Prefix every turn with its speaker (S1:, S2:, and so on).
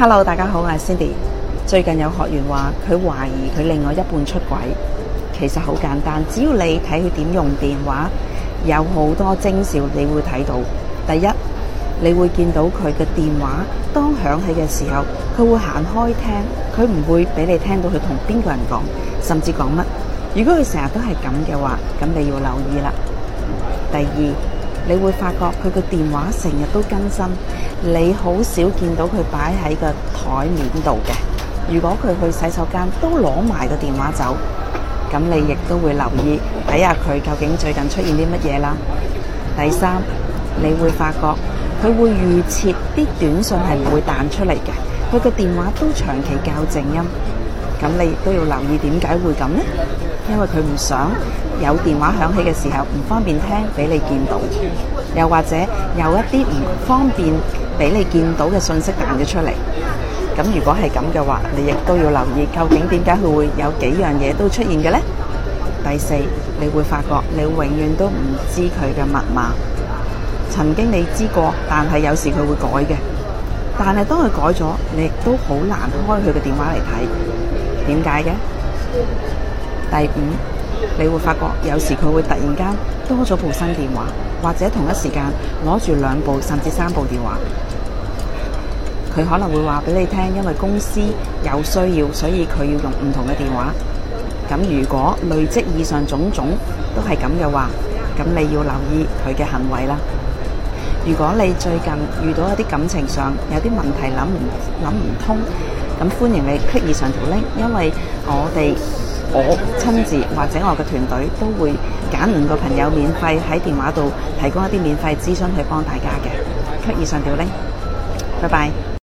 S1: Hello，大家好，我係 Cindy。最近有學員話佢懷疑佢另外一半出軌，其實好簡單，只要你睇佢點用電話，有好多徵兆你會睇到。第一，你會見到佢嘅電話當響起嘅時候，佢會行開聽，佢唔會俾你聽到佢同邊個人講，甚至講乜。如果佢成日都係咁嘅話，咁你要留意啦。第二。你會發覺佢個電話成日都更新，你好少見到佢擺喺個台面度嘅。如果佢去洗手間都攞埋個電話走，咁你亦都會留意睇下佢究竟最近出現啲乜嘢啦。第三，你會發覺佢會預設啲短信係唔會彈出嚟嘅，佢個電話都長期較靜音，咁你亦都要留意點解會咁呢？因為佢唔想有電話響起嘅時候唔方便聽，俾你見到；又或者有一啲唔方便俾你見到嘅信息彈咗出嚟。咁如果係咁嘅話，你亦都要留意究竟點解佢會有幾樣嘢都出現嘅呢？第四，你會發覺你永遠都唔知佢嘅密碼。曾經你知過，但係有時佢會改嘅。但係當佢改咗，你亦都好難開佢嘅電話嚟睇。點解嘅？第五，你會發覺有時佢會突然間多咗部新電話，或者同一時間攞住兩部甚至三部電話。佢可能會話俾你聽，因為公司有需要，所以佢要用唔同嘅電話。咁如果累積以上種種都係咁嘅話，咁你要留意佢嘅行為啦。如果你最近遇到一啲感情上有啲問題，諗唔諗唔通，咁歡迎你 click 以上條 link，因為我哋我親、oh. 自或者我嘅團隊都會揀五個朋友免費喺電話度提供一啲免費諮詢去幫大家嘅。給以上調呢，拜拜。